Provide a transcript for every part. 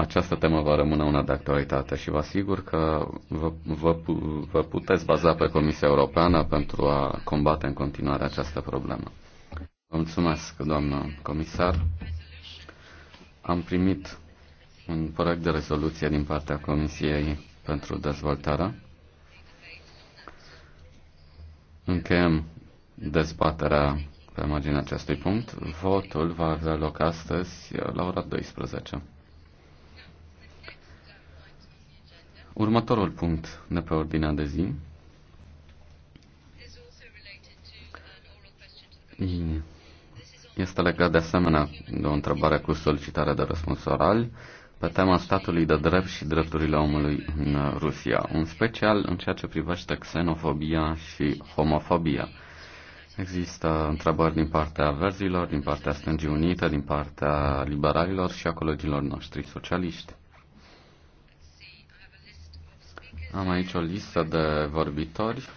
această temă va rămâne una de actualitate și vă asigur că vă, vă, vă puteți baza pe Comisia Europeană pentru a combate în continuare această problemă. Vă mulțumesc, doamnă comisar. Am primit un proiect de rezoluție din partea Comisiei pentru dezvoltare. Încheiem dezbaterea pe marginea acestui punct. Votul va avea loc astăzi la ora 12. Următorul punct de pe ordinea de zi este legat de asemenea de o întrebare cu solicitare de răspuns oral pe tema statului de drept și drepturile omului în Rusia, în special în ceea ce privește xenofobia și homofobia. Există întrebări din partea verzilor, din partea stângii unite, din partea liberalilor și a colegilor noștri socialiști. Am aici o listă de vorbitori.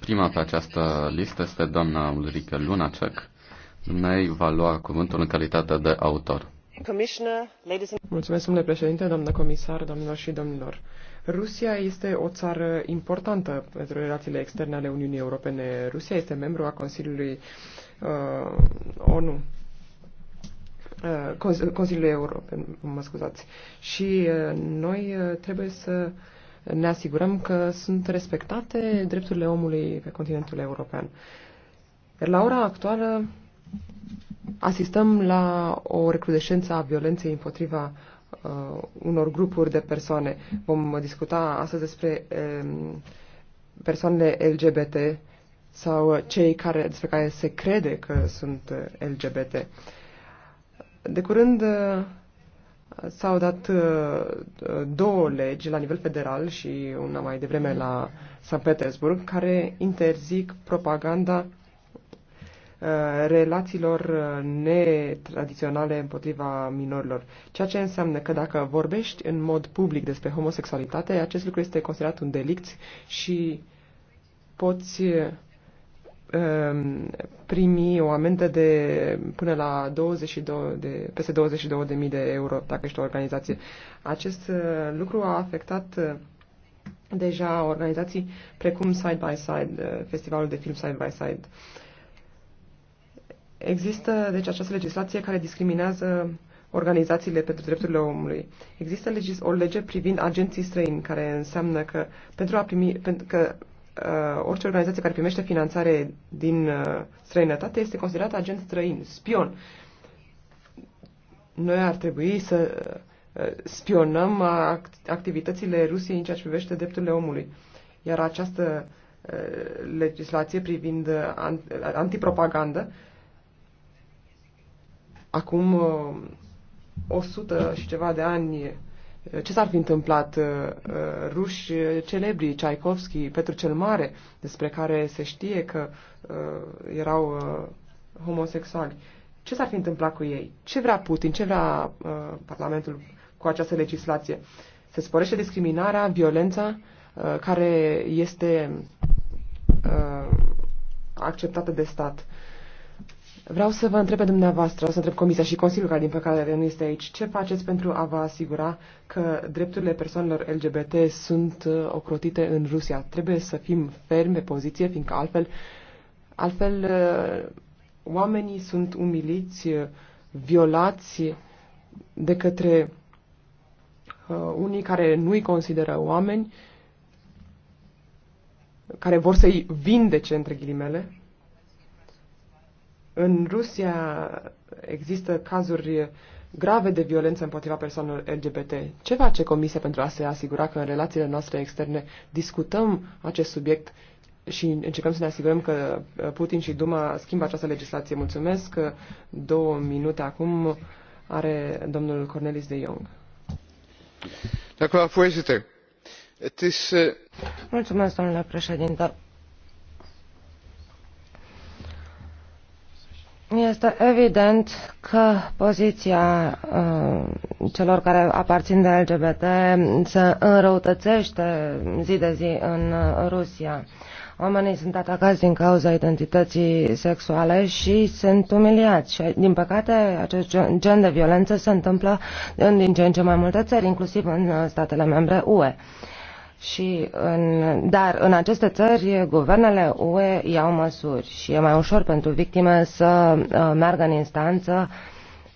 Prima pe această listă este doamna Ulrike Lunacek. Dumnezeu va lua cuvântul în calitate de autor. Mulțumesc, domnule președinte, doamnă comisar, domnilor și domnilor. Rusia este o țară importantă pentru relațiile externe ale Uniunii Europene. Rusia este membru a Consiliului uh, ONU Uh, Consiliului European, mă scuzați. Și uh, noi uh, trebuie să ne asigurăm că sunt respectate drepturile omului pe continentul european. la ora actuală asistăm la o recrudescență a violenței împotriva uh, unor grupuri de persoane. Vom discuta astăzi despre um, persoanele LGBT sau cei care, despre care se crede că sunt LGBT. Uh, de curând uh, s-au dat uh, două legi la nivel federal și una mai devreme la San Petersburg care interzic propaganda uh, relațiilor netradiționale împotriva minorilor. Ceea ce înseamnă că dacă vorbești în mod public despre homosexualitate, acest lucru este considerat un delict și poți Ehm, primi o amendă de până la 22 de, peste 22.000 de euro dacă ești o organizație. Acest eh, lucru a afectat eh, deja organizații precum Side by Side, eh, festivalul de film Side by Side. Există, deci, această legislație care discriminează organizațiile pentru drepturile omului. Există legis- o lege privind agenții străini, care înseamnă că pentru a primi, pentru că Uh, orice organizație care primește finanțare din uh, străinătate este considerată agent străin, spion. Noi ar trebui să uh, spionăm activitățile Rusiei în ceea ce privește drepturile omului. Iar această legislație privind antipropagandă acum 100 și ceva de ani ce s-ar fi întâmplat uh, uh, ruși uh, celebri, Tchaikovsky, Petru cel Mare, despre care se știe că erau homosexuali. Ce s-ar fi întâmplat cu ei? Ce vrea Putin? Ce vrea Parlamentul cu această legislație? Se sporește discriminarea, violența, care este acceptată de stat. Vreau să vă întreb pe dumneavoastră, să întreb Comisia și Consiliul, care din păcate nu este aici, ce faceți pentru a vă asigura că drepturile persoanelor LGBT sunt uh, ocrotite în Rusia? Trebuie să fim fermi pe poziție, fiindcă altfel, altfel uh, oamenii sunt umiliți, uh, violați de către unii care nu-i consideră oameni, care vor să-i vindece, între ghilimele, în Rusia există cazuri grave de violență împotriva persoanelor LGBT. Ce face Comisia pentru a se asigura că în relațiile noastre externe discutăm acest subiect și încercăm să ne asigurăm că uh, Putin și Duma schimbă această legislație? Mulțumesc. Două minute acum are domnul Cornelis de Jong. Eh, Mulțumesc, domnule președinte Este evident că poziția uh, celor care aparțin de LGBT se înrăutățește zi de zi în uh, Rusia. Oamenii sunt atacați din cauza identității sexuale și sunt umiliați. Și, din păcate, acest gen de violență se întâmplă în din ce în ce mai multe țări, inclusiv în uh, statele membre UE. Uh, și în, dar în aceste țări, guvernele UE iau măsuri și e mai ușor pentru victime să uh, meargă în instanță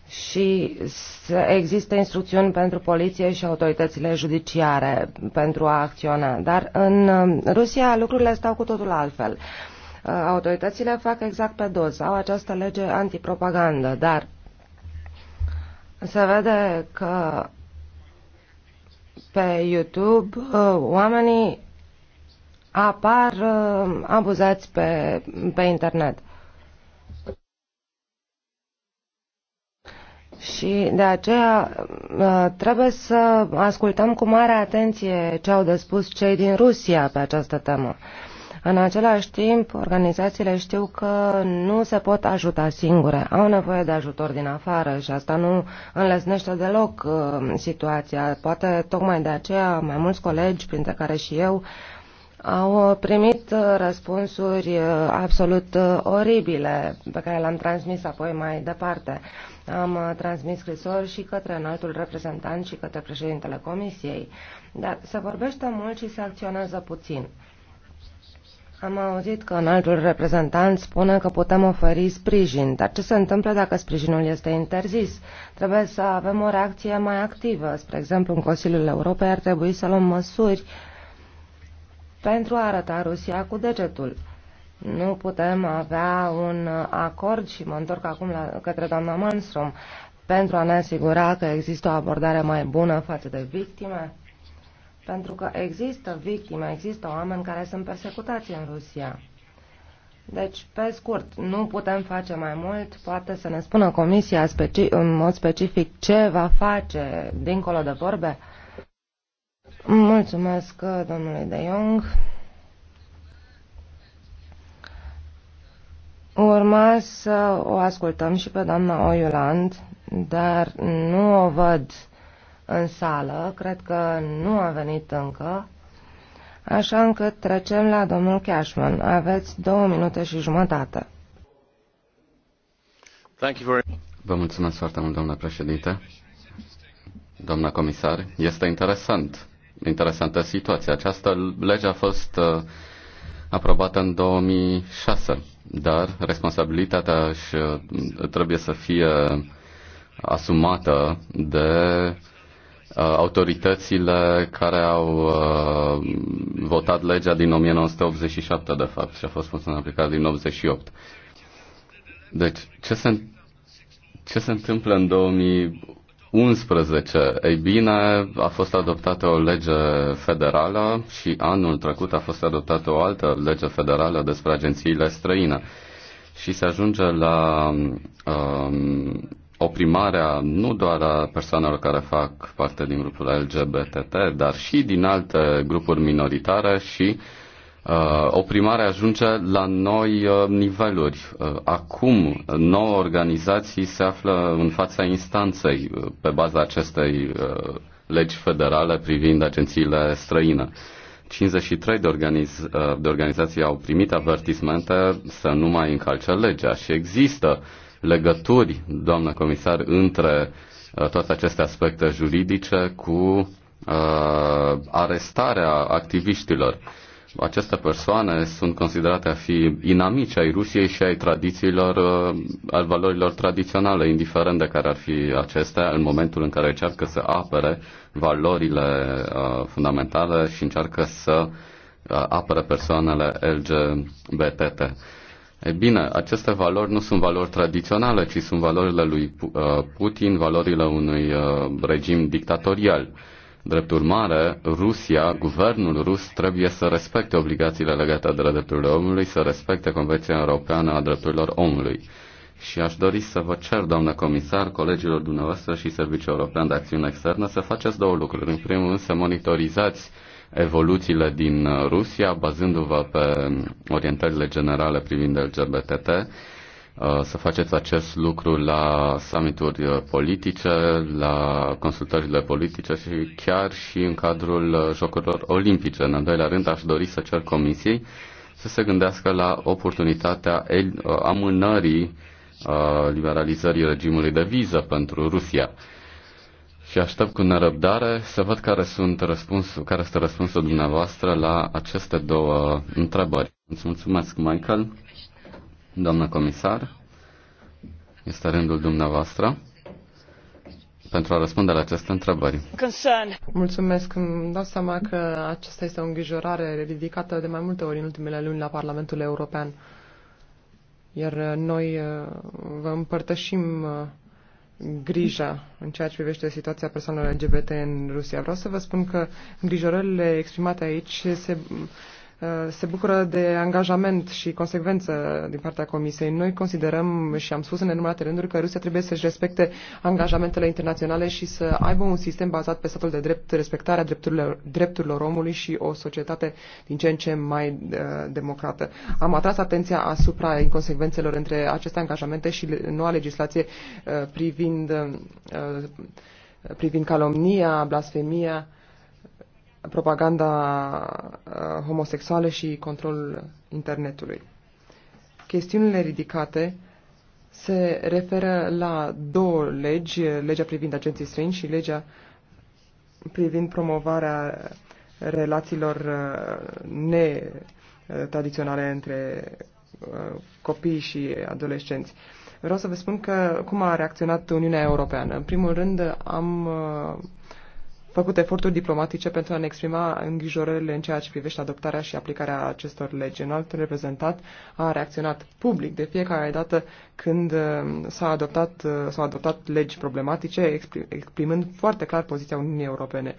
și să există instrucțiuni pentru poliție și autoritățile judiciare pentru a acționa. Dar în um, Rusia lucrurile stau cu totul altfel. Uh, autoritățile fac exact pe dos, au această lege antipropagandă, dar se vede că pe YouTube, uh, oamenii apar uh, abuzați pe, pe internet. Și de aceea uh, trebuie să ascultăm cu mare atenție ce au de spus cei din Rusia pe această temă. În același timp, organizațiile știu că nu se pot ajuta singure. Au nevoie de ajutor din afară și asta nu înlesnește deloc uh, situația. Poate tocmai de aceea mai mulți colegi, printre care și eu, au primit uh, răspunsuri uh, absolut uh, oribile pe care le-am transmis apoi mai departe. Am transmis scrisori și către înaltul reprezentant și către președintele Comisiei. Dar se vorbește mult și se acționează puțin. Am auzit că altul reprezentant spune că putem oferi sprijin, dar ce se întâmplă dacă sprijinul este interzis? Trebuie să avem o reacție mai activă. Spre exemplu, în Consiliul Europei ar trebui să luăm măsuri pentru a arăta Rusia cu degetul. Nu putem avea un acord și mă întorc acum la, către doamna Manstrom pentru a ne asigura că există o abordare mai bună față de victime pentru că există victime, există oameni care sunt persecutați în Rusia. Deci, pe scurt, nu putem face mai mult. Poate să ne spună Comisia speci- în mod specific ce va face dincolo de vorbe? Mulțumesc, domnului De Jong. Urma să o ascultăm și pe doamna Oiuland, dar nu o văd în sală, cred că nu a venit încă, așa încât trecem la domnul Cashman. Aveți două minute și jumătate. Vă mulțumesc foarte mult, domnule președinte. Doamna comisar, este interesant, interesantă situația. Această lege a fost uh, aprobată în 2006, dar responsabilitatea și uh, trebuie să fie asumată de Uh, autoritățile care au uh, votat legea din 1987, de fapt, și a fost pus în aplicare din 88. Deci, ce se, ce se întâmplă în 2011? Ei bine, a fost adoptată o lege federală și anul trecut a fost adoptată o altă lege federală despre agențiile străine. Și se ajunge la um, oprimarea nu doar a persoanelor care fac parte din grupul LGBT, dar și din alte grupuri minoritare și uh, oprimarea ajunge la noi uh, niveluri. Uh, acum, nouă organizații se află în fața instanței uh, pe baza acestei uh, legi federale privind agențiile străine. 53 de, organiz, uh, de organizații au primit avertismente să nu mai încalce legea și există uh, legături, doamnă comisar, între uh, toate aceste aspecte juridice cu uh, arestarea activiștilor. Aceste persoane sunt considerate a fi inamici ai Rusiei și ai tradițiilor, uh, al valorilor tradiționale, indiferent de care ar fi acestea, în momentul în care încearcă să apere valorile fundamentale și încearcă să apere persoanele LGBT. E bine, aceste valori nu sunt valori tradiționale, ci sunt valorile lui uh, Putin, valorile unui uh, regim dictatorial. Drept urmare, Rusia, guvernul rus trebuie să respecte obligațiile legate de drepturile omului, să respecte Convenția Europeană a Drepturilor Omului. Și aș dori să vă cer, doamnă comisar, colegilor dumneavoastră și Serviciul European de Acțiune Externă să faceți două lucruri. În primul rând, să monitorizați uh, evoluțiile din uh, Rusia, bazându-vă pe orientările generale privind LGBTT, uh, să faceți acest lucru la summituri uh, politice, la consultările politice și chiar și în cadrul Jocurilor Olimpice. În al doilea rând, aș dori să cer comisiei să se gândească la oportunitatea amânării liberalizării regimului de viză pentru Rusia și aștept cu nerăbdare să văd care, sunt răspunsul, care este răspunsul dumneavoastră la aceste două întrebări. Îți mulțumesc, Michael, doamnă comisar. Este rândul dumneavoastră pentru a răspunde la aceste întrebări. Concern. Mulțumesc. Îmi dau seama că aceasta este o îngrijorare ridicată de mai multe ori în ultimele luni la Parlamentul European. Iar noi uh, vă împărtășim uh, grija în ceea ce privește situația persoanelor LGBT în Rusia. Vreau să vă spun că îngrijorările exprimate aici se Eh, se bucură de angajament și consecvență din partea Comisiei. Noi considerăm și am spus în enumerate rânduri că Rusia trebuie să-și respecte angajamentele internaționale și să aibă un sistem bazat pe statul de drept, respectarea drepturilor, drepturilor omului și o societate din ce în ce mai uh, democrată. Am atras atenția asupra inconsecvențelor între aceste angajamente și noua legislație uh, privind, uh, privind calomnia, blasfemia, uh, propaganda uh, homosexuală și controlul internetului. Chestiunile ridicate se referă la două legi, legea privind agenții străini și legea privind promovarea relațiilor uh, netradiționale între uh, copii și adolescenți. Vreau să vă spun că cum a reacționat Uniunea Europeană. În primul rând am făcut eforturi diplomatice pentru a ne exprima îngrijorările în ceea ce privește adoptarea și aplicarea acestor legi. Un alt reprezentat a reacționat public de fiecare dată când uh, s-a adoptat, uh, s a adoptat legi problematice, exprimând foarte clar poziția Uniunii Europene.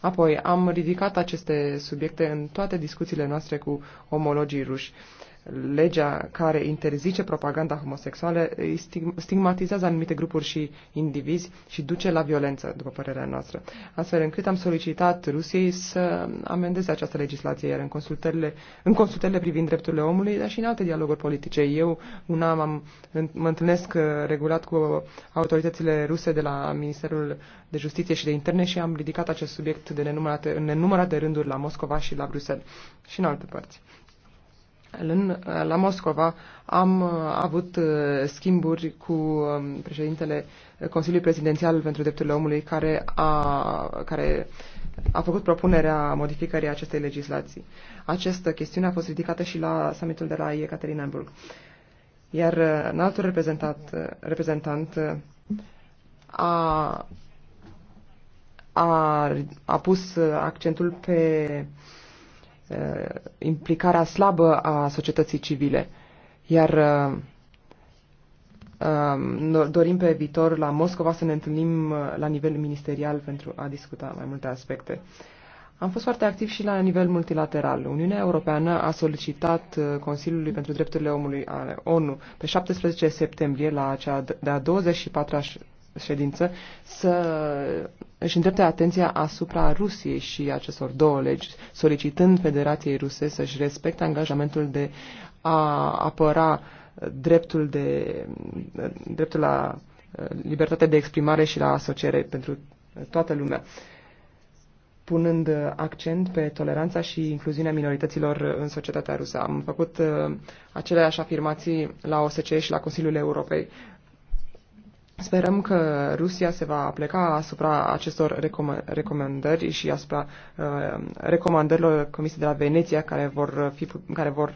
Apoi, am ridicat aceste subiecte în toate discuțiile noastre cu omologii ruși. Uh, legea care interzice propaganda homosexuală stigmatizează anumite grupuri și indivizi și duce la violență, după părerea noastră. Astfel încât am solicitat Rusiei să amendeze această legislație, iar în consultările, în consultările privind drepturile omului, dar și în alte dialoguri politice. Eu, una, am mă întâlnesc uh, regulat cu autoritățile ruse de la Ministerul de Justiție și de Interne și am ridicat acest subiect de nenumărate, în nenumărate rânduri la Moscova și la Bruxelles și în alte părți în, uh, la Moscova am uh, avut uh, schimburi cu um, președintele Consiliului Prezidențial pentru Drepturile Omului care a, care a făcut propunerea modificării acestei legislații. Această chestiune a fost ridicată și la summitul de la Ekaterinburg. Iar un altul reprezentant, reprezentant a, a, a pus accentul pe Uh, implicarea slabă a societății civile. Iar uh, um, dorim pe viitor la Moscova să ne întâlnim uh, la nivel ministerial pentru a discuta mai multe aspecte. Am fost foarte activ și la nivel multilateral. Uniunea Europeană a solicitat Consiliului pentru Drepturile Omului a ONU pe 17 septembrie la cea de-a 24-a ședință să își îndrepte atenția asupra Rusiei și acestor două legi, solicitând Federației Ruse să-și respecte angajamentul de a apăra dreptul, de, dreptul la uh, libertate de exprimare și la asociere pentru toată lumea, punând accent pe toleranța și incluziunea minorităților în societatea rusă. Am făcut uh, aceleași afirmații la OSCE și la Consiliul Europei Sperăm că Rusia se va pleca asupra acestor recomandări și asupra uh, recomandărilor comise de la Veneția care vor fi, care vor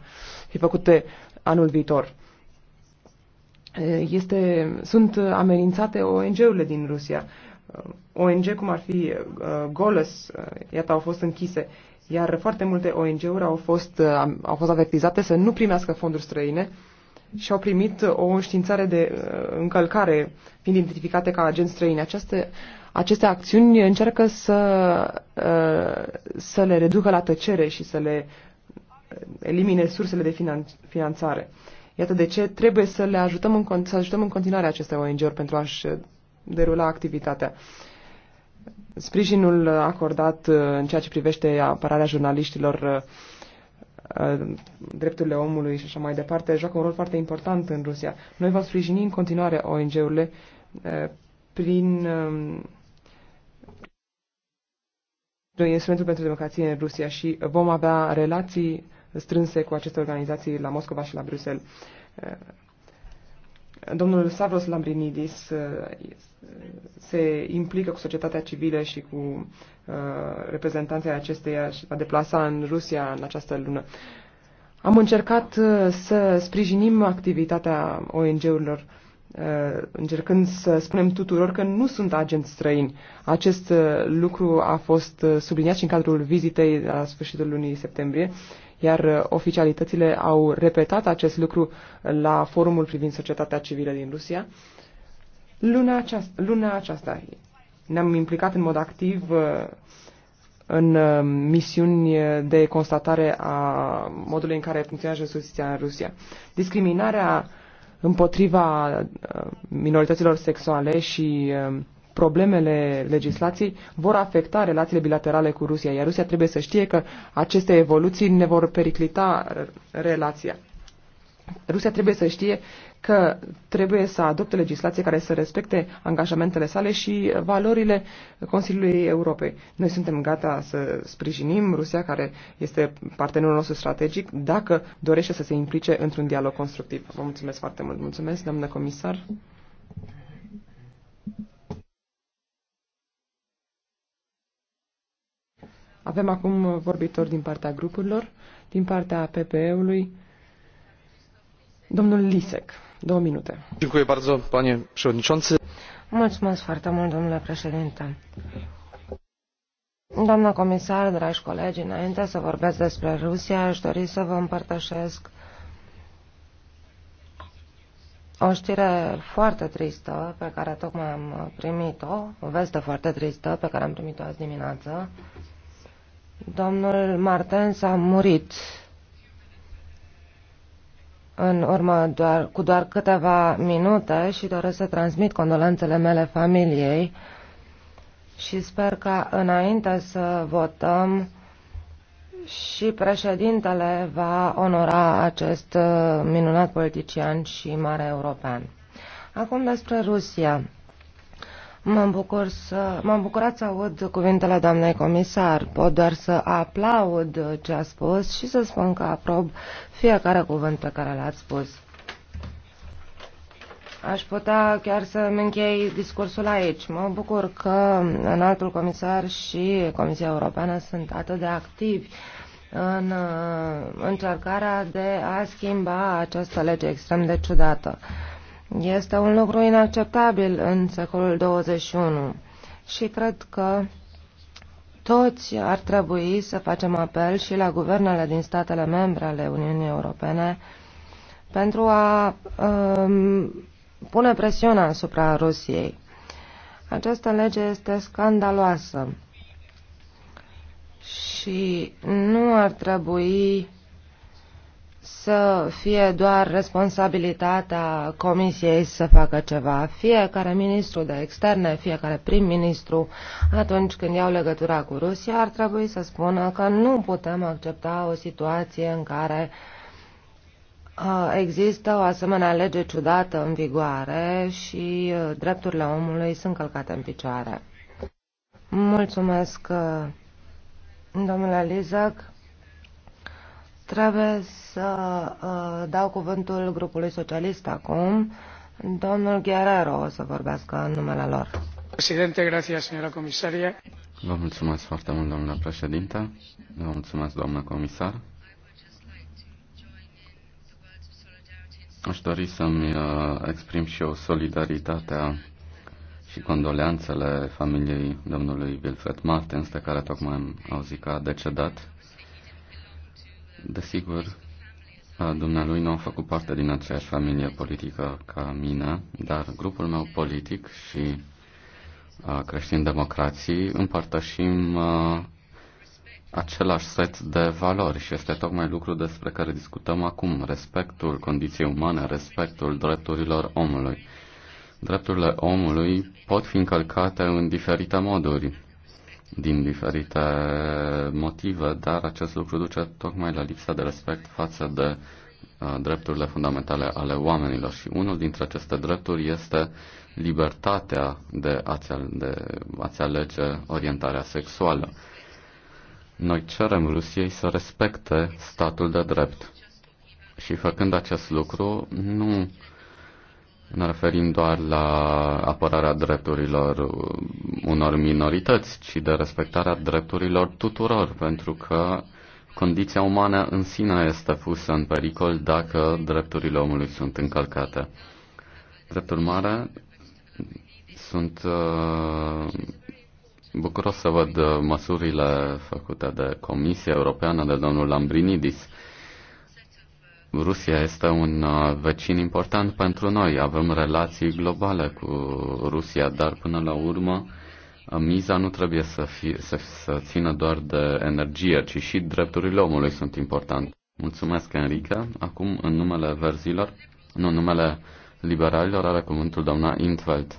fi făcute anul viitor. Uh, este, sunt amenințate ONG-urile din Rusia. Uh, ONG cum ar fi uh, Goles, uh, iată, au fost închise, iar foarte multe ONG-uri au fost, uh, au fost avertizate să nu primească fonduri străine uh, și au primit uh, o înștiințare de uh, încălcare, fiind identificate ca agenți străini. Aceste, aceste acțiuni încearcă să, uh, să le reducă la tăcere și să le elimine sursele de finan- finanțare. Iată de ce trebuie să le ajutăm în, să ajutăm în continuare aceste ONG-uri pentru a-și derula activitatea. Sprijinul acordat în ceea ce privește apărarea jurnaliștilor drepturile omului și așa mai departe, joacă un rol foarte important în Rusia. Noi vom sprijini în continuare ONG-urile prin um, noi instrumentul pentru democrație în Rusia și vom avea relații strânse cu aceste organizații la Moscova și la Bruxelles domnul Savros Lambrinidis uh, se implică cu societatea civilă și cu uh, reprezentanții acesteia și va deplasa în Rusia în această lună. Am încercat uh, să sprijinim activitatea ONG-urilor încercând să spunem tuturor că nu sunt agenți străini. Acest lucru a fost subliniat și în cadrul vizitei la sfârșitul lunii septembrie, iar uh, oficialitățile au repetat acest lucru la forumul privind societatea civilă din Rusia. Luna, aceasta, luna aceasta ne-am implicat în mod activ uh, în uh, misiuni de constatare a modului în care funcționează justiția în Rusia. Discriminarea împotriva minorităților sexuale și problemele legislației vor afecta relațiile bilaterale cu Rusia, iar Rusia trebuie să știe că aceste evoluții ne vor periclita relația. Rusia trebuie să știe că trebuie să adopte legislație care să respecte angajamentele sale și valorile Consiliului Europei. Noi suntem gata să sprijinim Rusia, care este partenerul nostru strategic, dacă dorește să se implice într-un dialog constructiv. Vă mulțumesc foarte mult. Mulțumesc, doamnă comisar. Avem acum vorbitori din partea grupurilor, din partea PPE-ului. Domnul Lisek, două minute. Dziękuję bardzo, panie przewodniczący. Mulțumesc foarte mult, domnule președinte. Doamna comisar, dragi colegi, înainte să vorbesc despre Rusia, aș dori să vă împărtășesc o știre foarte tristă pe care tocmai am primit-o, o veste foarte tristă pe care am primit-o azi dimineață, Domnul Martens a murit în urmă doar, cu doar câteva minute și doresc să transmit condolențele mele familiei și sper că înainte să votăm și președintele va onora acest uh, minunat politician și mare european. Acum despre Rusia. M-am bucur să, bucurat să aud cuvintele doamnei comisar. Pot doar să aplaud ce a spus și să spun că aprob fiecare cuvânt pe care l-ați spus. Aș putea chiar să-mi închei discursul aici. Mă bucur că înaltul comisar și Comisia Europeană sunt atât de activi în uh, încercarea de a schimba această lege extrem de ciudată. Este un lucru inacceptabil în secolul 21 și cred că toți ar trebui să facem apel și la guvernele din statele membre ale Uniunii Europene pentru a um, pune presiunea asupra Rusiei. Această lege este scandaloasă și nu ar trebui să fie doar responsabilitatea Comisiei să facă ceva. Fiecare ministru de externe, fiecare prim-ministru, atunci când iau legătura cu Rusia, ar trebui să spună că nu putem accepta o situație în care există o asemenea lege ciudată în vigoare și drepturile omului sunt călcate în picioare. Mulțumesc, domnule Lizac. Trebuie să uh, dau cuvântul grupului socialist acum. Domnul Guerrero o să vorbească în numele lor. Președinte, grația, señora comisaria. Vă mulțumesc foarte mult, domnule președinte. Vă mulțumesc, doamnă comisar. Aș dori să-mi uh, exprim și eu solidaritatea și condoleanțele familiei domnului Wilfred Martens, de care tocmai am auzit că a decedat. Desigur, uh, dumnealui nu a făcut parte din aceeași familie politică ca mine, dar grupul meu politic și uh, creștin-democrații împărtășim uh, același set de valori și este tocmai lucru despre care discutăm acum, respectul condiției umane, respectul drepturilor omului. Drepturile omului pot fi încălcate în diferite moduri, din diferite motive, dar acest lucru duce tocmai la lipsa de respect față de uh, drepturile fundamentale ale oamenilor și unul dintre aceste drepturi este libertatea de a-ți, de a-ți alege orientarea sexuală. Noi cerem Rusiei să respecte statul de drept și făcând acest lucru nu ne referim doar la apărarea drepturilor unor minorități, ci de respectarea drepturilor tuturor, pentru că condiția umană în sine este pusă în pericol dacă drepturile omului sunt încălcate. Drept urmare, sunt uh, bucuros să văd măsurile făcute de Comisia Europeană, de domnul Lambrinidis, Rusia este un uh, vecin important pentru noi. Avem relații globale cu Rusia, dar până la urmă uh, miza nu trebuie să, fie, să, să țină doar de energie, ci și drepturile omului sunt importante. Mulțumesc, Enrica. Acum, în numele verzilor, nu, în numele liberalilor, are cuvântul doamna Intveld.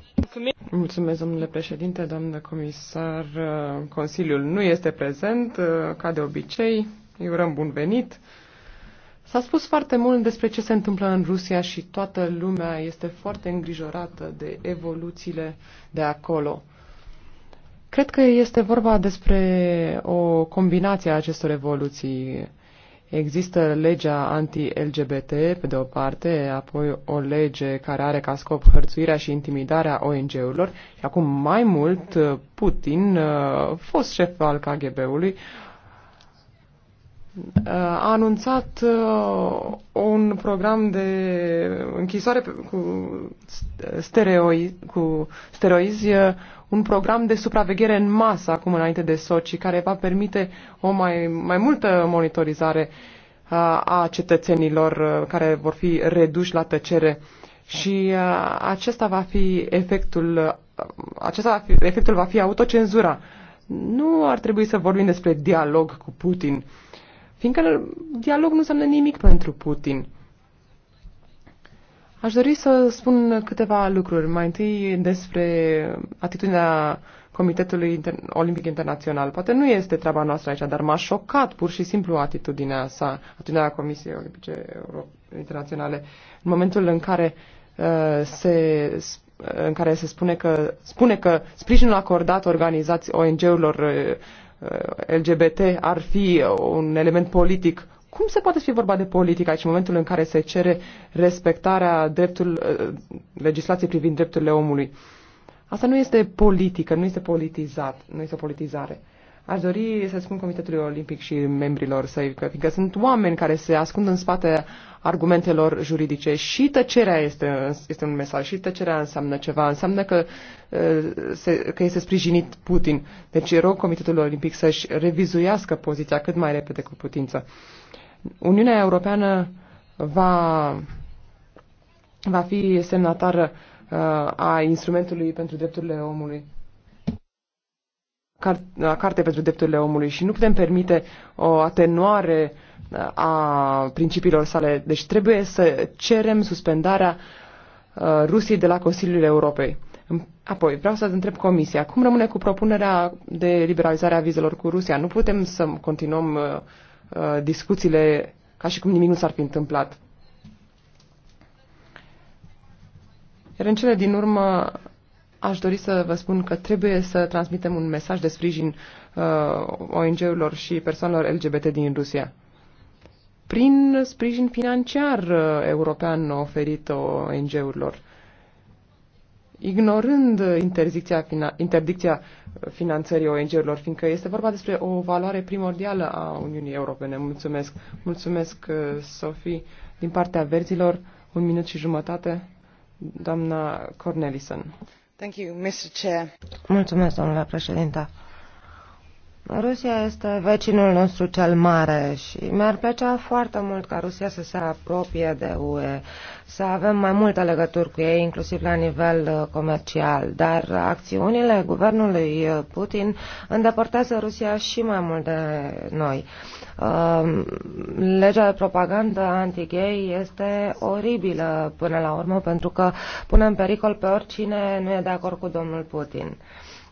Mulțumesc, domnule președinte, doamnă comisar. Uh, Consiliul nu este prezent, ca de obicei. Îi urăm bun venit. S-a spus foarte mult despre ce se întâmplă în Rusia și toată lumea este foarte îngrijorată de evoluțiile de acolo. Cred că este vorba despre o combinație a acestor evoluții. Există legea anti-LGBT, pe de o parte, apoi o lege care are ca scop hărțuirea și intimidarea ONG-urilor și acum mai mult Putin, uh, fost șef al KGB-ului, Uh, a anunțat uh, un program de închisoare cu stereoi, cu steroizi, uh, un program de supraveghere în masă acum înainte de Sochi, care va permite o mai, mai multă monitorizare a cetățenilor care vor fi reduși la tăcere și acesta va fi efectul, acesta va fi, efectul va fi autocenzura. Nu ar trebui să vorbim despre dialog cu Putin Fiindcă dialog nu înseamnă nimic pentru Putin. Aș dori să spun câteva lucruri. Mai întâi despre atitudinea Comitetului Inter- Olimpic Internațional. Poate nu este treaba noastră aici, dar m-a șocat pur și simplu atitudinea sa, atitudinea Comisiei Olimpice Euro- Internaționale, în momentul în care uh, se în care se spune că, spune că sprijinul acordat organizații ONG-urilor uh, Uh, LGBT ar fi un element politic. Cum se poate fi vorba de politică aici în momentul în care se cere respectarea dreptul, uh, legislației privind drepturile omului? Asta nu este politică, nu este politizat, nu este o politizare. Aș dori să spun Comitetului Olimpic și membrilor săi că, fiindcă sunt oameni care se ascund în spate argumentelor juridice și tăcerea este, este un mesaj și tăcerea înseamnă ceva, înseamnă că, se, că este sprijinit Putin. Deci rog Comitetul Olimpic să-și revizuiască poziția cât mai repede cu putință. Uniunea Europeană va, va fi semnatară a instrumentului pentru drepturile omului la Carte pentru Drepturile Omului și nu putem permite o atenuare a principiilor sale. Deci trebuie să cerem suspendarea uh, Rusiei de la Consiliul Europei. Apoi, vreau să întreb Comisia, cum rămâne cu propunerea de liberalizare a vizelor cu Rusia? Nu putem să continuăm uh, uh, discuțiile ca și cum nimic nu s-ar fi întâmplat. Iar în cele din urmă, Aș dori să vă spun că trebuie să transmitem un mesaj de sprijin uh, ONG-urilor și persoanelor LGBT din Rusia. Prin sprijin financiar uh, european oferit ONG-urilor, ignorând interzicția, fina- interdicția finanțării ONG-urilor, fiindcă este vorba despre o valoare primordială a Uniunii Europene. Mulțumesc, mulțumesc, uh, Sofie, din partea verzilor, un minut și jumătate, doamna Cornelison. Mulțumesc, domnule președinte. Rusia este vecinul nostru cel mare și mi-ar plăcea foarte mult ca Rusia să se apropie de UE, să avem mai multe legături cu ei, inclusiv la nivel uh, comercial. Dar acțiunile guvernului uh, Putin îndepărtează Rusia și mai mult de noi. Ehm, legea de propagandă anti-gay este oribilă până la urmă pentru că pune în pericol pe oricine nu e de acord cu domnul Putin.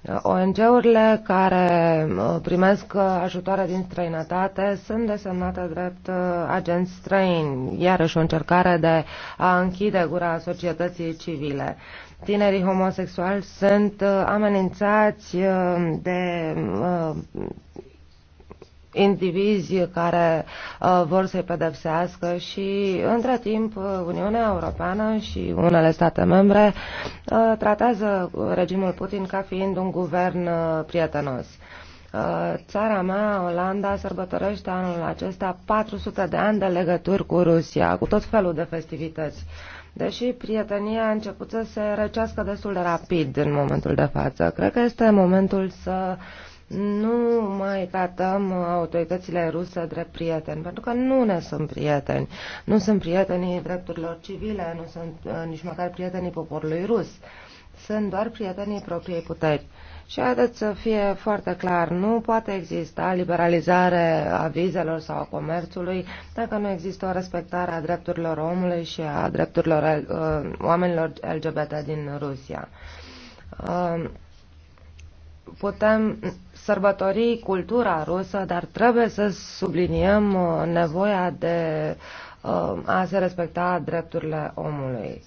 Ehm, ONG-urile care ehm, primesc ajutoare din străinătate sunt desemnate drept agenți străini, iarăși o încercare de a închide gura societății civile. Tinerii homosexuali sunt amenințați de indivizi care uh, vor să-i pedepsească și, între timp, Uniunea Europeană și unele state membre uh, tratează regimul Putin ca fiind un guvern uh, prietenos. Țara mea, Olanda, sărbătorește anul acesta 400 de ani de legături cu Rusia, cu tot felul de festivități. Deși prietenia a început să se răcească destul de rapid în momentul de față, cred că este momentul să uh, nu mai tratăm autoritățile ruse drept prieteni, pentru că nu ne sunt prieteni. Nu sunt prietenii drepturilor civile, nu sunt uh, nici măcar prietenii poporului rus. Sunt doar prietenii propriei puteri. Și haideți să fie foarte clar, nu poate exista liberalizare a vizelor sau a comerțului dacă nu există o respectare a drepturilor omului și a drepturilor uh, oamenilor LGBT din Rusia. Uh, putem, sărbători cultura rusă, dar trebuie să subliniem uh, nevoia de uh, a se respecta drepturile omului.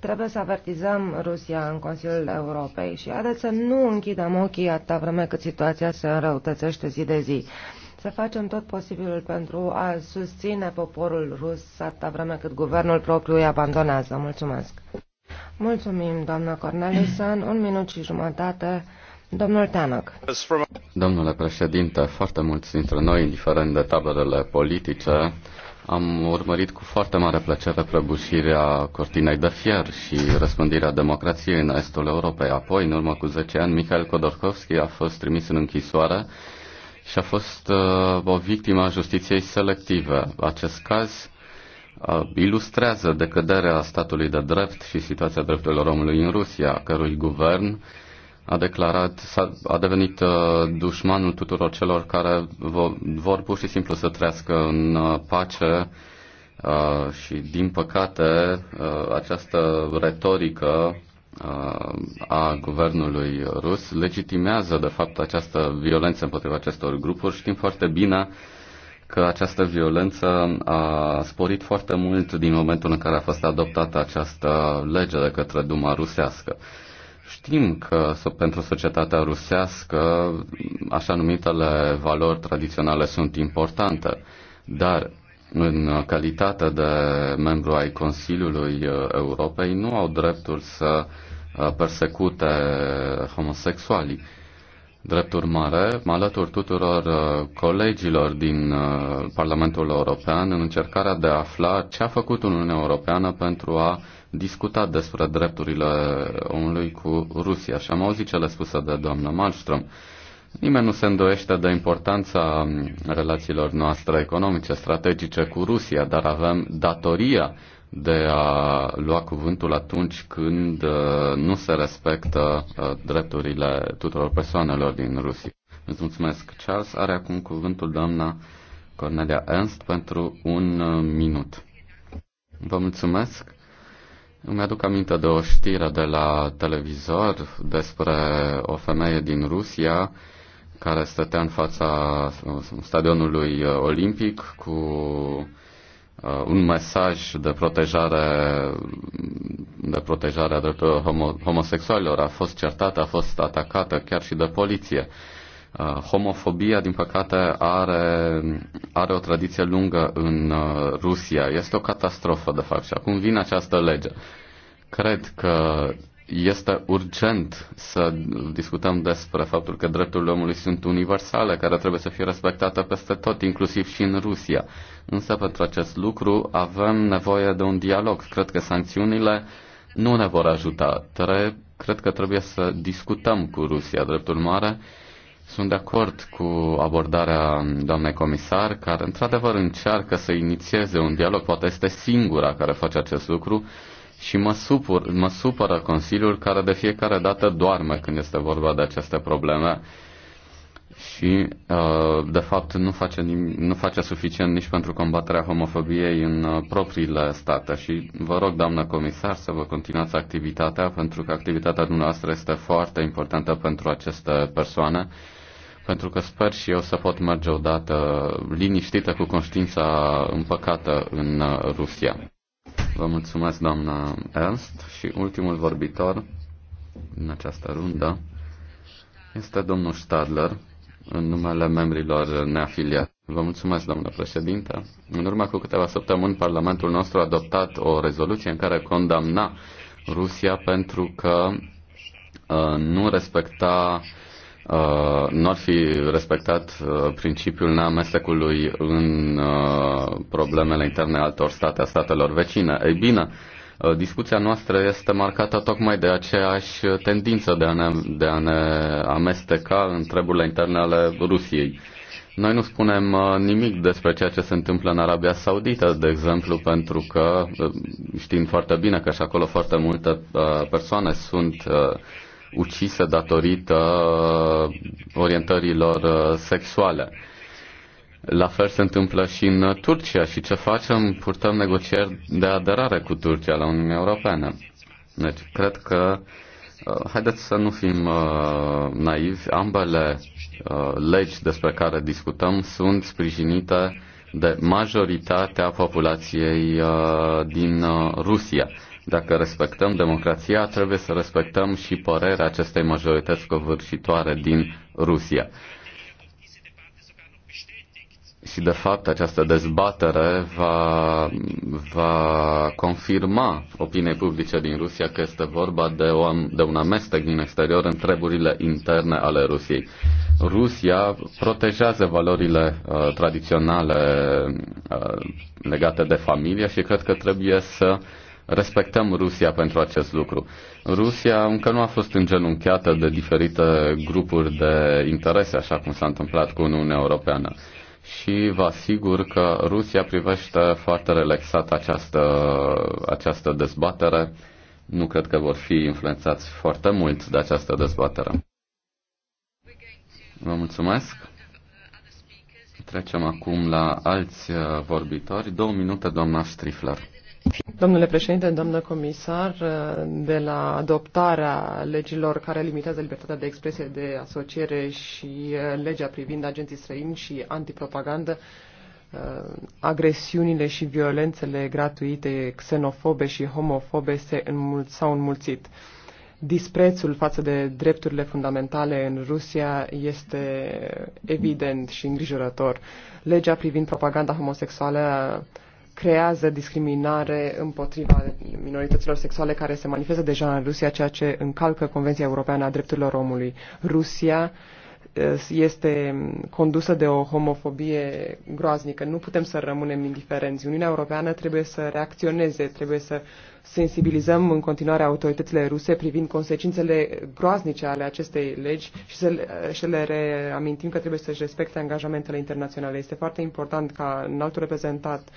Trebuie să avertizăm Rusia în Consiliul Europei și haideți să nu închidem ochii atâta vreme cât situația se înrăutățește zi de zi. Să facem tot posibilul pentru a susține poporul rus atâta vreme cât guvernul propriu îi abandonează. Mulțumesc! Mulțumim, doamnă Cornelison. Un minut și jumătate Domnul Domnule președinte, foarte mulți dintre noi, indiferent de taberele politice, am urmărit cu foarte mare plăcere prăbușirea cortinei de fier și răspândirea democrației în estul Europei. Apoi, în urmă cu 10 ani, Mikhail Khodorkovsky a fost trimis în închisoare și a fost uh, o victimă a justiției selective. Acest caz uh, ilustrează decăderea statului de drept și situația drepturilor omului în Rusia, cărui guvern uh, a declarat, a devenit uh, dușmanul tuturor celor care vor pur și simplu să trăiască în uh, pace uh, și, din păcate, această retorică a guvernului rus legitimează, de fapt, această violență împotriva acestor grupuri. Știm foarte bine că această violență a sporit foarte mult din momentul în care a fost adoptată această lege de către Duma rusească. Știm că pentru societatea rusească așa numitele valori tradiționale sunt importante, dar în calitate de membru ai Consiliului uh, Europei nu au dreptul să uh, persecute homosexualii. Drept urmare, mă alătur tuturor uh, colegilor din uh, Parlamentul European în încercarea de a afla ce a făcut Uniunea Europeană pentru a discuta despre drepturile omului cu Rusia. Și am auzit cele spuse de doamna Malmström. Nimeni nu se îndoiește de importanța um, relațiilor noastre economice, strategice cu Rusia, dar avem datoria de a lua cuvântul atunci când uh, nu se respectă uh, drepturile tuturor persoanelor din Rusia. Îți mulțumesc, Charles. Are acum cuvântul doamna Cornelia Ernst pentru un uh, minut. Vă mulțumesc. Îmi aduc aminte de o știre de la televizor despre o femeie din Rusia care stătea în fața stadionului olimpic cu Uh, un mesaj de protejare, de protejare a drepturilor homo, homosexualilor a fost certată, a fost atacată chiar și de poliție. Uh, homofobia, din păcate, are, are o tradiție lungă în uh, Rusia. Este o catastrofă, de fapt, și acum vine această lege. Cred că este urgent să discutăm despre faptul că drepturile omului sunt universale, care trebuie să fie respectate peste tot, inclusiv și în Rusia. Însă pentru acest lucru avem nevoie de un dialog. Cred că sancțiunile nu ne vor ajuta. Tre- cred că trebuie să discutăm cu Rusia, Dreptul mare. Sunt de acord cu abordarea doamnei comisar, care într-adevăr încearcă să inițieze un dialog, poate este singura care face acest lucru, și mă, supur, mă supără Consiliul care de fiecare dată doarme când este vorba de aceste probleme și, uh, de fapt, nu face, nu face suficient nici pentru combaterea homofobiei în uh, propriile state. Și vă rog, doamnă comisar, să vă continuați activitatea, pentru că activitatea dumneavoastră este foarte importantă pentru aceste persoane, pentru că sper și eu să pot merge odată liniștită cu conștiința împăcată în uh, Rusia. Vă mulțumesc, doamna Ernst. Și ultimul vorbitor în această rundă este domnul Stadler, în numele membrilor neafiliați. Vă mulțumesc, domnule președinte. În urmă cu câteva săptămâni, Parlamentul nostru a adoptat o rezoluție în care condamna Rusia pentru că uh, nu respecta uh, uh, nu ar fi respectat uh, principiul neamestecului în uh, problemele interne altor state, a statelor vecine. Ei bine, uh, discuția noastră este marcată tocmai de aceeași tendință de a ne, de a ne amesteca în treburile interne ale Rusiei. Noi nu spunem uh, nimic despre ceea ce se întâmplă în Arabia Saudită, de exemplu, pentru că uh, știm foarte bine că și acolo foarte multe uh, persoane sunt ucise datorită uh, orientărilor uh, sexuale. La fel se întâmplă și în Turcia și ce facem? Purtăm negocieri de aderare cu Turcia la Uniunea Europeană. Deci, cred că uh, haideți să nu fim uh, naivi. Ambele uh, legi despre care discutăm sunt sprijinite de majoritatea populației uh, din uh, Rusia. Dacă respectăm democrația, trebuie să respectăm și părerea acestei majorități covârșitoare din Rusia. Și, de fapt, această dezbatere va, va confirma opiniei publice din Rusia că este vorba de, o, de un amestec din exterior în treburile interne ale Rusiei. Rusia protejează valorile uh, tradiționale uh, legate de familie și cred că trebuie să uh, respectăm Rusia pentru acest lucru. Rusia încă nu a fost îngenunchiată de diferite grupuri de interese, așa cum s-a întâmplat cu Uniunea Europeană. Și vă asigur că Rusia privește foarte relaxat această, această dezbatere. Nu cred că vor fi influențați foarte mult de această dezbatere. Vă mulțumesc. Trecem acum la alți uh, vorbitori. Două minute, doamna Strifler. Domnule președinte, doamnă comisar, de la adoptarea legilor care limitează libertatea de expresie, de asociere și legea privind agenții străini și antipropagandă, agresiunile și violențele gratuite, xenofobe și homofobe se s-au înmulțit. Disprețul față de drepturile fundamentale în Rusia este evident și îngrijorător. Legea privind propaganda homosexuală creează discriminare împotriva minorităților sexuale care se manifestă deja în Rusia, ceea ce încalcă Convenția Europeană a Drepturilor Omului. Rusia eh, este condusă de o homofobie groaznică. Nu putem să rămânem indiferenți. Uniunea Europeană trebuie să reacționeze, trebuie să sensibilizăm în continuare autoritățile ruse privind consecințele groaznice ale acestei legi și să, eh, și să le reamintim că trebuie să-și respecte angajamentele internaționale. Este foarte important ca înaltul reprezentat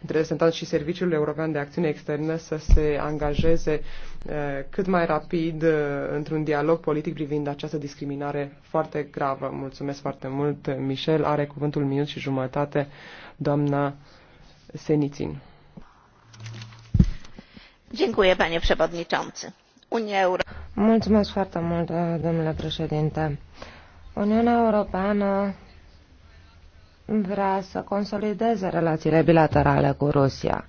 reprezentanți și Serviciul European de Acțiune Externă să se angajeze uh, cât mai rapid uh, într-un dialog politic privind această discriminare foarte gravă. Mulțumesc foarte mult, Michel. Are cuvântul minut și jumătate doamna Senițin. Dziękuję, panie przewodniczący. Unia Euro... Mulțumesc foarte mult, domnule președinte. Uniunea Europeană vrea să consolideze relațiile bilaterale cu Rusia.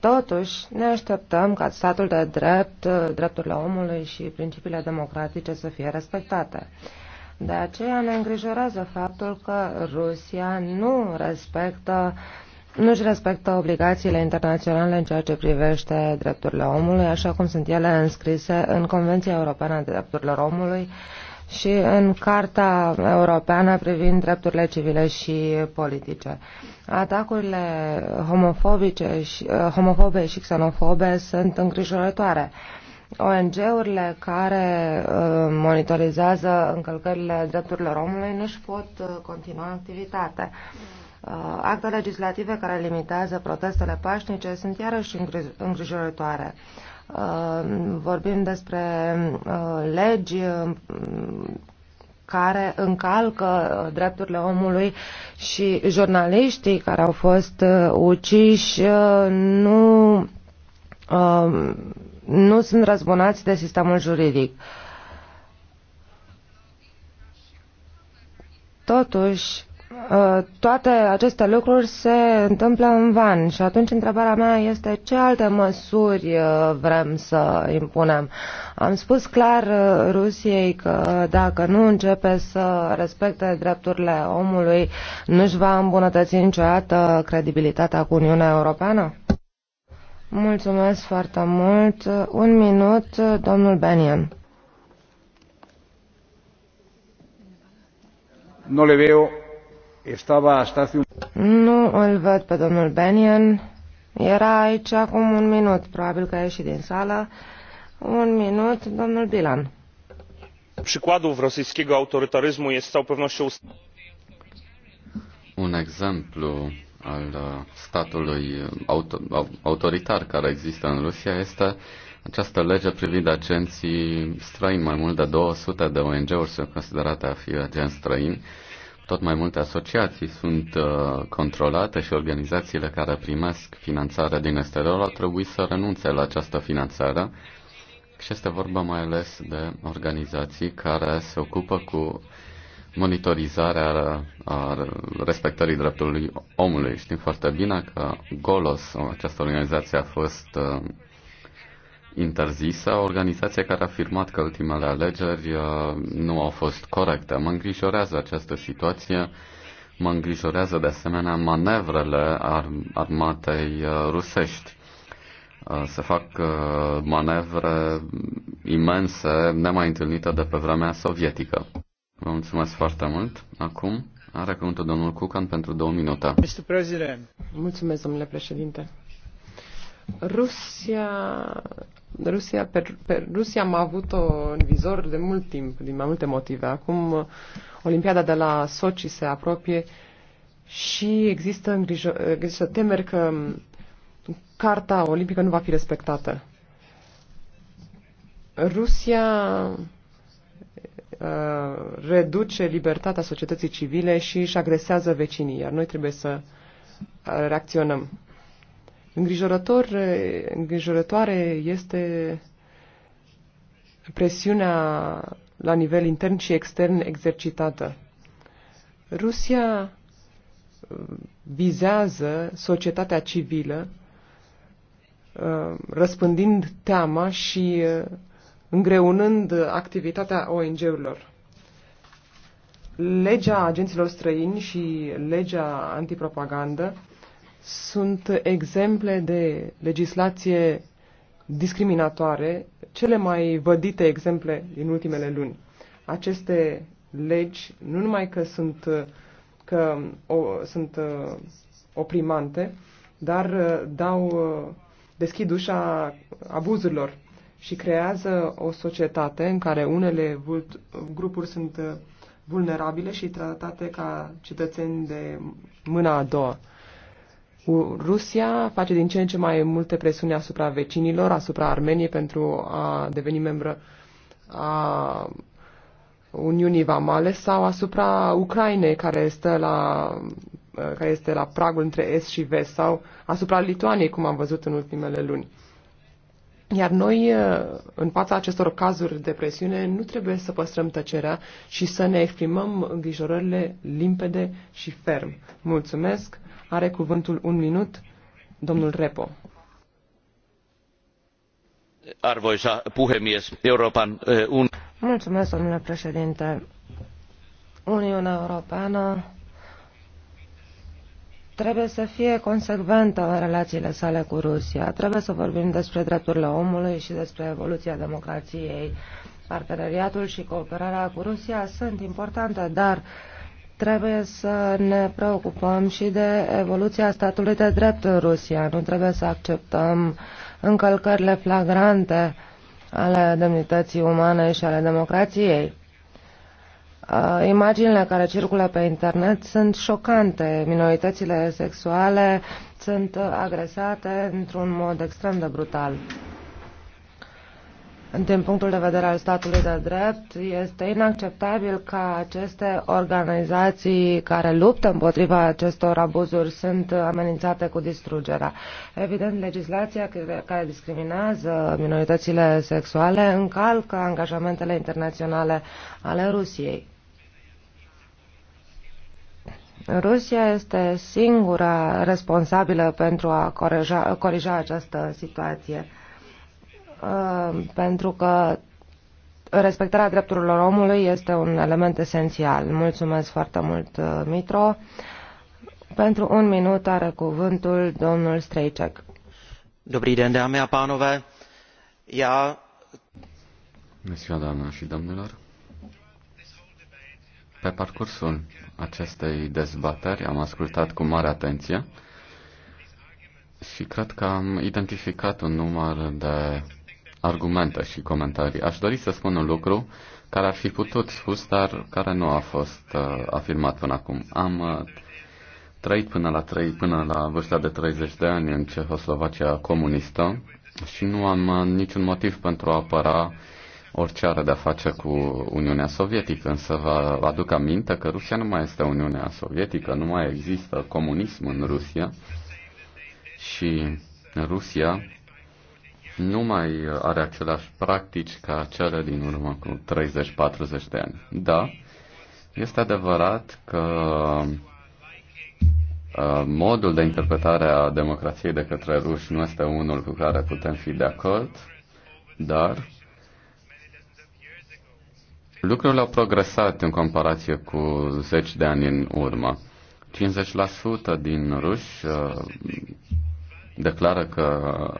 Totuși, ne așteptăm ca statul de drept, drepturile omului și principiile democratice să fie respectate. De aceea ne îngrijorează faptul că Rusia nu respectă nu își respectă obligațiile internaționale în ceea ce privește drepturile omului, așa cum sunt ele înscrise în Convenția Europeană a Drepturilor Omului și în Carta Europeană privind drepturile civile și politice. Atacurile homofobice și, uh, homofobe și xenofobe sunt îngrijorătoare. ONG-urile care uh, monitorizează încălcările drepturilor omului nu-și pot uh, continua activitatea. Uh, acte legislative care limitează protestele pașnice sunt iarăși îngrijorătoare. Uh, vorbim despre uh, legi care încalcă drepturile omului și jurnaliștii care au fost uciși nu, nu sunt răzbunați de sistemul juridic. Totuși, Uh, toate aceste lucruri se întâmplă în van și atunci întrebarea mea este ce alte măsuri uh, vrem să impunem. Am spus clar uh, Rusiei că dacă nu începe să respecte drepturile omului, nu-și va îmbunătăți niciodată credibilitatea cu Uniunea Europeană? Mulțumesc foarte mult. Un minut, domnul Benian. Nu le veo Estaba hasta hace un... Nu îl văd pe domnul Benion. Era aici acum un minut, probabil că a ieșit din sală. Un minut, domnul Bilan. Przykładów rosyjskiego autorytaryzmu jest z całą pewnością... Un exemplu al uh, statului uh, auto, autoritar care există în Rusia este această lege privind agenții străini. Mai mult de 200 de ONG-uri sunt considerate a fi agenți străini tot mai multe asociații sunt uh, controlate și organizațiile care primesc finanțare din exterior au trebuit să renunțe la această finanțare și este vorba mai ales de organizații care se ocupă cu monitorizarea a respectării dreptului omului. Știm foarte bine că Golos, această organizație, a fost uh, interzisă, Organizația care a afirmat că ultimele alegeri uh, nu au fost corecte. Mă îngrijorează această situație, mă îngrijorează de asemenea manevrele armatei uh, rusești. Uh, se fac manevre imense, nemai întâlnite de pe vremea sovietică. Vă mulțumesc foarte mult. Acum are cuvântul domnul Cucan pentru două minute. Mulțumesc, domnule președinte. Rusia Rusia, pe, pe Rusia am avut-o în vizor de mult timp, din mai multe motive. Acum Olimpiada de la Sochi se apropie și există, îngrijo, există temeri că Carta Olimpică nu va fi respectată. Rusia uh, reduce libertatea societății civile și își agresează vecinii, iar noi trebuie să uh, reacționăm. Îngrijorător, eh, îngrijorătoare este presiunea la nivel intern și extern exercitată. Rusia eh, vizează societatea civilă eh, răspândind teama și îngreunând activitatea ONG-urilor. Legea agenților străini și legea antipropagandă sunt exemple de legislație discriminatoare, cele mai vădite exemple din ultimele luni. Aceste legi nu numai că sunt, că, o, sunt uh, oprimante, dar uh, dau, uh, deschid ușa abuzurilor și creează o societate în care unele grupuri sunt vulnerabile și tratate ca cetățeni de mâna a doua. Rusia face din ce în ce mai multe presiuni asupra vecinilor, asupra Armeniei pentru a deveni membră a Uniunii Vamale sau asupra Ucrainei care stă la care este la pragul între est și vest sau asupra Lituaniei, cum am văzut în ultimele luni. Iar noi, în fața acestor cazuri de presiune, nu trebuie să păstrăm tăcerea și să ne exprimăm îngrijorările limpede și ferm. Mulțumesc! Are cuvântul un minut domnul Repo. Arvoisa puhemies, Euroopan eh, un... Mulțumesc, domnule președinte. Uniunea Europeană trebuie să fie consecventă în relațiile sale cu Rusia. Trebuie să vorbim despre drepturile omului și despre evoluția democrației. Parteneriatul și cooperarea cu Rusia sunt importante, dar uh, Trebuie să ne preocupăm și de evoluția statului de drept în Rusia. Nu trebuie să acceptăm încălcările flagrante ale demnității umane și ale democrației. Imaginile care circulă pe internet sunt șocante. Minoritățile sexuale sunt agresate într-un mod extrem de brutal. Din punctul de vedere al statului de drept, este inacceptabil ca aceste organizații care luptă împotriva acestor abuzuri sunt amenințate cu distrugerea. Evident, legislația care discriminează minoritățile sexuale încalcă angajamentele internaționale ale Rusiei. Rusia este singura responsabilă pentru a corija, corija această situație. Uh, pentru că respectarea drepturilor omului este un element esențial. Mulțumesc foarte mult, uh, Mitro. Pentru un minut are cuvântul domnul Strejcek. Dobrý den, dámy a pánové. Já... Bună ziua, și domnilor. Pe parcursul acestei dezbateri am ascultat cu mare atenție și cred că am identificat un număr de argumente și comentarii. Aș dori să spun un lucru care ar fi putut spus, dar care nu a fost uh, afirmat până acum. Am uh, trăit până la, trei, până la vârsta de 30 de ani în Cehoslovacia comunistă și nu am uh, niciun motiv pentru a apăra orice are de-a face cu Uniunea Sovietică, însă vă aduc aminte că Rusia nu mai este Uniunea Sovietică, nu mai există comunism în Rusia și Rusia nu mai are aceleași practici ca cele din urmă cu 30-40 de ani. Da, este adevărat că uh, modul de interpretare a democrației de către ruși nu este unul cu care putem fi de acord, dar lucrurile au progresat în comparație cu 10 de ani în urmă. 50% din ruși uh, declară că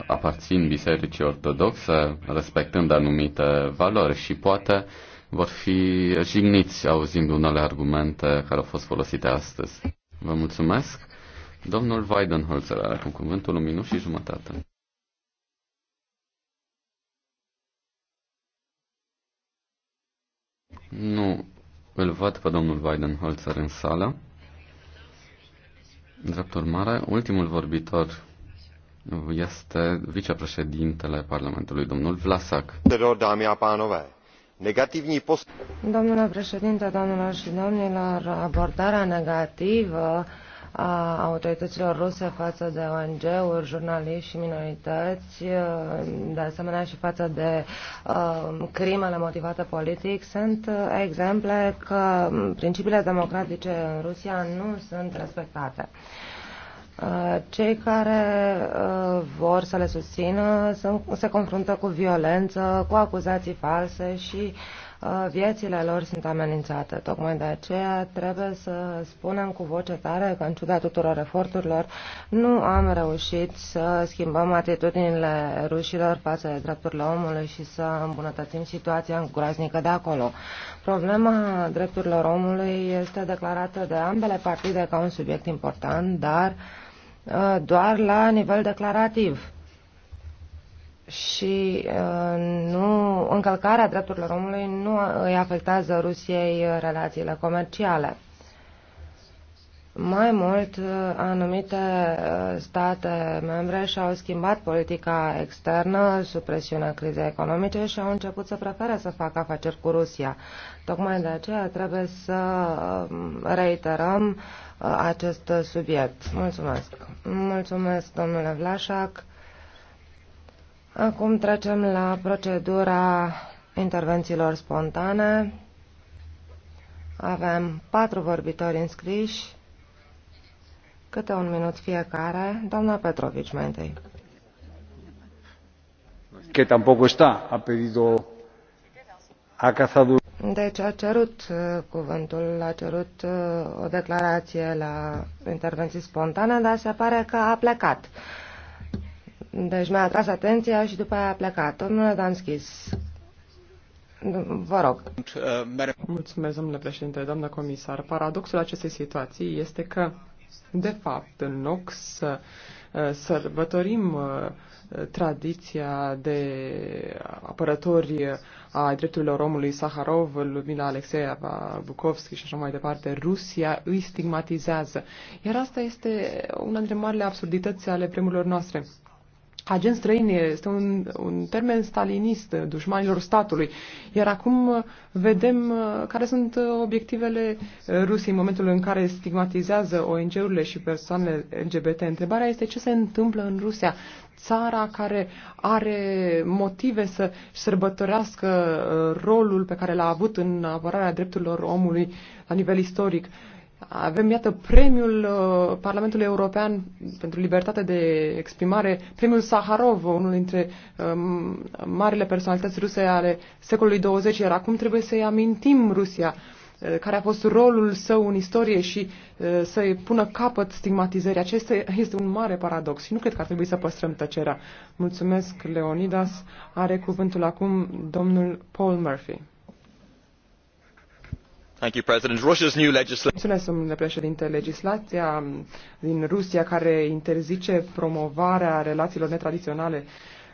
aparțin bisericii ortodoxe, respectând anumite valori și poate vor fi jigniți auzind unele argumente care au fost folosite astăzi. Vă mulțumesc. Domnul Weidenholzer are acum cuvântul un minut și jumătate. Nu îl văd pe domnul Weidenholzer în sală. Drept urmare, ultimul vorbitor este vicepreședintele Parlamentului, domnul Vlasac. Domnule președinte, domnilor și domnilor, abordarea negativă a autorităților ruse față de ONG-uri, jurnaliști și minorități, de asemenea și față de uh, crimele motivate politic, sunt exemple că principiile democratice în Rusia nu sunt respectate. Uh, Uh, cei care uh, vor să le susțină se confruntă cu violență, cu acuzații false și uh, viețile lor sunt amenințate. Tocmai de aceea trebuie să spunem cu voce tare că, în ciuda tuturor eforturilor, nu am reușit să schimbăm atitudinile rușilor față de drepturile omului și să îmbunătățim situația groaznică de acolo. Problema drepturilor omului este declarată de ambele partide ca un subiect important, dar uh, Uh, doar la nivel declarativ și uh, nu, încălcarea drepturilor omului nu îi afectează Rusiei relațiile comerciale. Mai mult, uh, anumite state membre și-au schimbat politica externă sub presiunea crizei economice și au început să prefere să facă afaceri cu Rusia. Tocmai de aceea trebuie să reiterăm uh, Uh, acest subiect. Mulțumesc. Mulțumesc, domnule Vlașac. Acum trecem la procedura intervențiilor spontane. Avem patru vorbitori înscriși, câte un minut fiecare. Doamna Petrovici, mai întâi. Que tampoco está, ha pedido, ha cazado. Deci a cerut uh, cuvântul, a cerut uh, o declarație la intervenții spontane, dar se pare că a plecat. Deci mi-a atras atenția și după aia a plecat. Domnule Danschis, Vă rog. Mulțumesc, domnule președinte, doamnă comisar. Paradoxul acestei situații este că de fapt, în loc să uh, sărbătorim uh, tradiția de apărători a drepturilor omului Saharov, Lumina Alexeeva, Bukovski și așa mai departe, Rusia îi stigmatizează. Iar asta este una dintre marile absurdități ale vremurilor noastre. Agent străin este un, un termen stalinist dușmanilor statului. Iar acum uh, vedem uh, care sunt uh, obiectivele Rusiei în momentul în care stigmatizează ONG-urile și persoanele LGBT. Întrebarea este ce se întâmplă în Rusia, țara care are motive să sărbătorească rolul pe care l-a avut în apărarea drepturilor omului la nivel istoric. Avem, iată, premiul uh, Parlamentului European pentru libertate de exprimare, premiul Saharov, unul dintre um, marile personalități ruse ale secolului 20, iar acum trebuie să-i amintim Rusia uh, care a fost rolul său în istorie și uh, să-i pună capăt stigmatizării. Acesta este un mare paradox și nu cred că ar trebui să păstrăm tăcerea. Mulțumesc, Leonidas. Are cuvântul acum domnul Paul Murphy domnule președinte legislația din rusia care interzice promovarea relațiilor netradiționale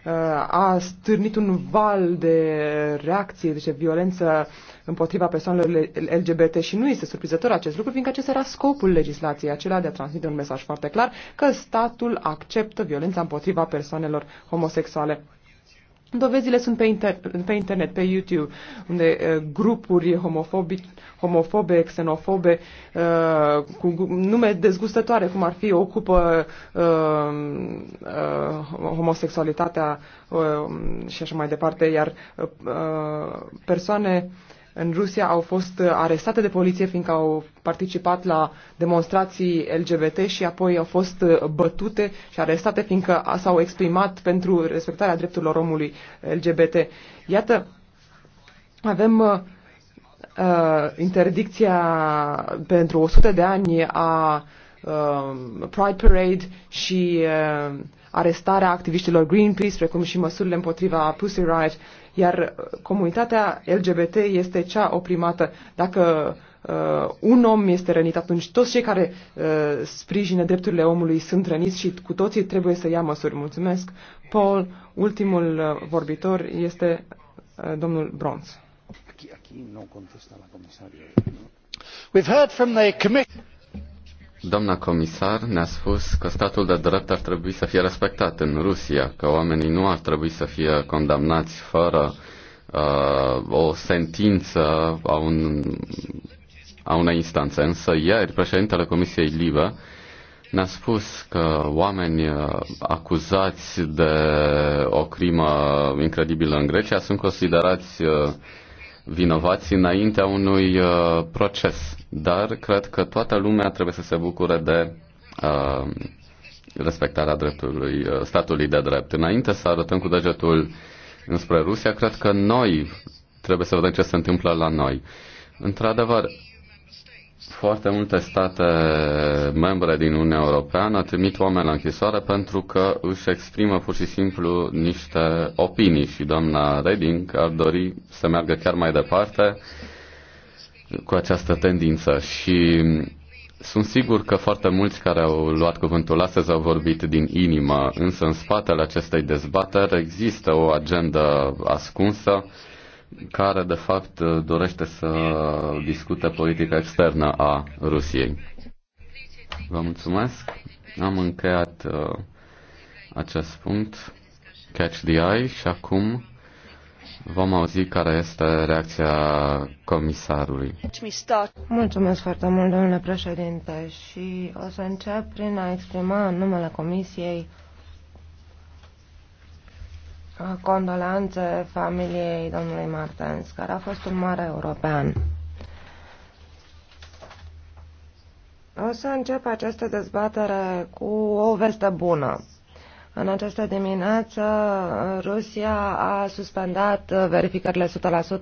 uh, a stârnit un val de reacție, deci de violență împotriva persoanelor LGBT și nu este surprizător acest lucru, fiindcă acesta era scopul legislației, acela de a transmite un mesaj foarte clar că statul acceptă violența împotriva persoanelor homosexuale. Dovezile sunt pe, inter- pe internet, pe YouTube, unde uh, grupuri homofobi, homofobe, xenofobe, uh, cu nume dezgustătoare, cum ar fi ocupă uh, uh, homosexualitatea uh, și așa mai departe, iar uh, uh persoane uh, în Rusia au fost uh, arestate de poliție fiindcă au participat la demonstrații LGBT și apoi au fost uh, bătute și arestate fiindcă s-au exprimat pentru respectarea drepturilor omului LGBT. Iată, avem uh, uh interdicția pentru 100 de ani a uh, Pride Parade și uh, arestarea activiștilor Greenpeace, precum și măsurile împotriva Pussy Riot iar uh, comunitatea LGBT este cea oprimată. Dacă uh, un om este rănit, atunci toți cei care uh, sprijină drepturile omului sunt răniți și cu toții trebuie să ia măsuri. Mulțumesc. Paul, ultimul uh, vorbitor este uh, domnul Bronz. We've heard from the committee. Doamna comisar ne-a spus că statul de drept ar trebui să fie respectat în Rusia, că oamenii nu ar trebui să fie condamnați fără uh, o sentință a, un, a unei instanțe. Însă ieri președintele Comisiei Libă ne-a spus că oameni uh, acuzați de o crimă incredibilă în Grecia sunt considerați uh, vinovați înaintea unui uh, proces, dar cred că toată lumea trebuie să se bucure de uh, respectarea dreptului, uh, statului de drept. Înainte să arătăm cu degetul înspre Rusia, cred că noi trebuie să vedem ce se întâmplă la noi. Într-adevăr, foarte multe state membre din Uniunea Europeană trimit oameni la închisoare pentru că își exprimă pur și simplu niște opinii și doamna Reding ar dori să meargă chiar mai departe cu această tendință și sunt sigur că foarte mulți care au luat cuvântul astăzi au vorbit din inimă, însă în spatele acestei dezbateri există o agendă ascunsă care de fapt dorește să discute politica externă a Rusiei. Vă mulțumesc. Am încheiat uh, acest punct, Catch the Eye, și acum vom auzi care este reacția comisarului. Mulțumesc foarte mult, domnule președinte, și o să încep prin a exprima în numele Comisiei condolanțe familiei domnului Martens, care a fost un mare european. O să încep această dezbatere cu o veste bună. În această dimineață, Rusia a suspendat verificările 100%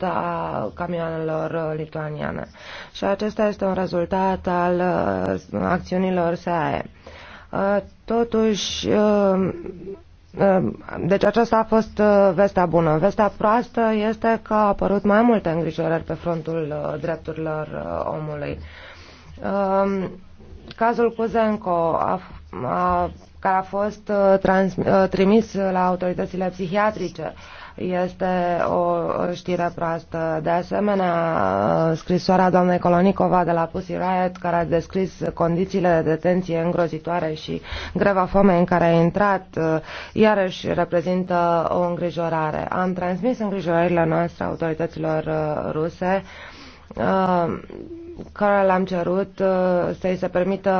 a camioanelor lituaniane și acesta este un rezultat al uh, acțiunilor SAE. Uh, totuși, uh, Ehm, deci aceasta a fost uh, vestea bună. Vestea proastă este că au apărut mai multe îngrijorări pe frontul uh, drepturilor uh, omului. Ehm, cazul Cuzenco, a, a, care a fost trans, trimis la autoritățile psihiatrice, este o știre proastă. De asemenea, scrisoarea doamnei Colonicova de la Pussy Riot, care a descris condițiile de detenție îngrozitoare și greva foamei în care a intrat, iarăși reprezintă o îngrijorare. Am transmis îngrijorările noastre autorităților uh, ruse uh, care le-am cerut uh, să-i se permită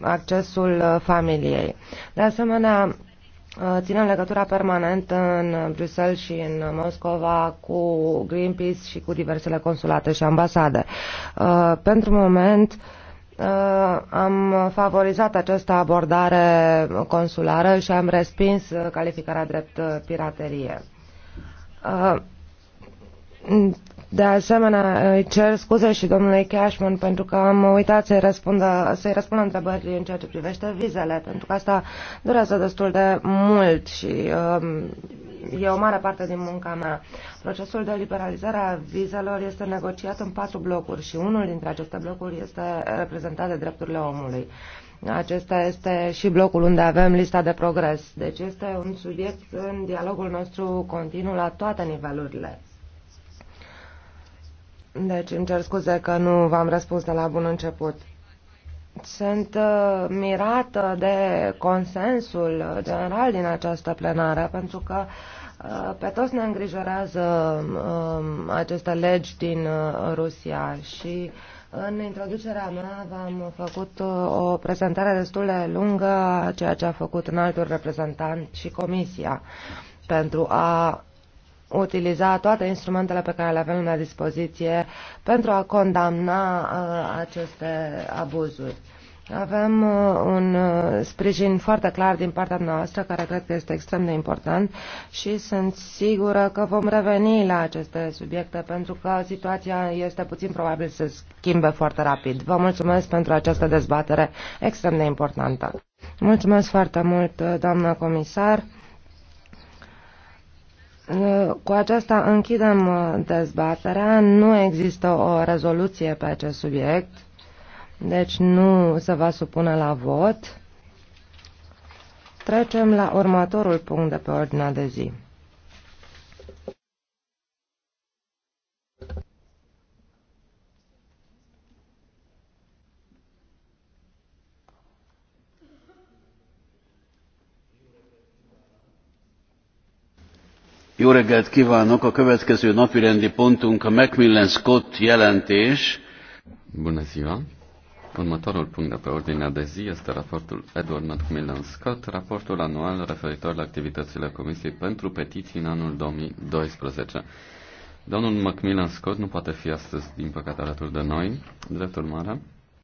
accesul familiei. De asemenea, Uh, ținem legătura permanentă în Bruxelles și în Moscova cu Greenpeace și cu diversele consulate și ambasade. Uh, pentru moment uh, am favorizat această abordare consulară și am respins calificarea drept piraterie de asemenea, îi cer scuze și domnului Cashman pentru că am uitat să-i răspundă, să răspund întrebării în ceea ce privește vizele, pentru că asta durează destul de mult și um, e o mare parte din munca mea. Procesul de liberalizare a vizelor este negociat în patru blocuri și unul dintre aceste blocuri este reprezentat de drepturile omului. Acesta este și blocul unde avem lista de progres. Deci este un subiect în dialogul nostru continuu la toate nivelurile. Deci îmi cer scuze că nu v-am răspuns de la bun început. Sunt uh, mirată de consensul general din această plenară, pentru că uh, pe toți ne îngrijorează um, aceste legi din uh, Rusia și în introducerea mea v-am făcut o prezentare destul de lungă a ceea ce a făcut în altul reprezentant și Comisia pentru a utiliza toate instrumentele pe care le avem la dispoziție pentru a condamna uh, aceste abuzuri. Avem uh, un uh, sprijin foarte clar din partea noastră, care cred că este extrem de important și sunt sigură că vom reveni la aceste subiecte pentru că situația este puțin probabil să schimbe foarte rapid. Vă mulțumesc pentru această dezbatere extrem de importantă. Mulțumesc foarte mult, uh, doamnă comisar. Cu aceasta închidem uh, dezbaterea. Nu există o rezoluție pe acest subiect, deci nu se va supune la vot. Trecem la următorul punct de pe ordinea de zi. Jó reggelt kívánok! A következő napirendi pontunk a Macmillan Scott jelentés. Bună ziua! Următorul punct de pe ordinea de zi este raportul Edward Macmillan Scott, raportul anual referitor la activitățile Comisiei pentru petiții în anul 2012. Domnul Macmillan Scott nu poate fi astăzi, din păcate, alături de noi. Dreptul mare.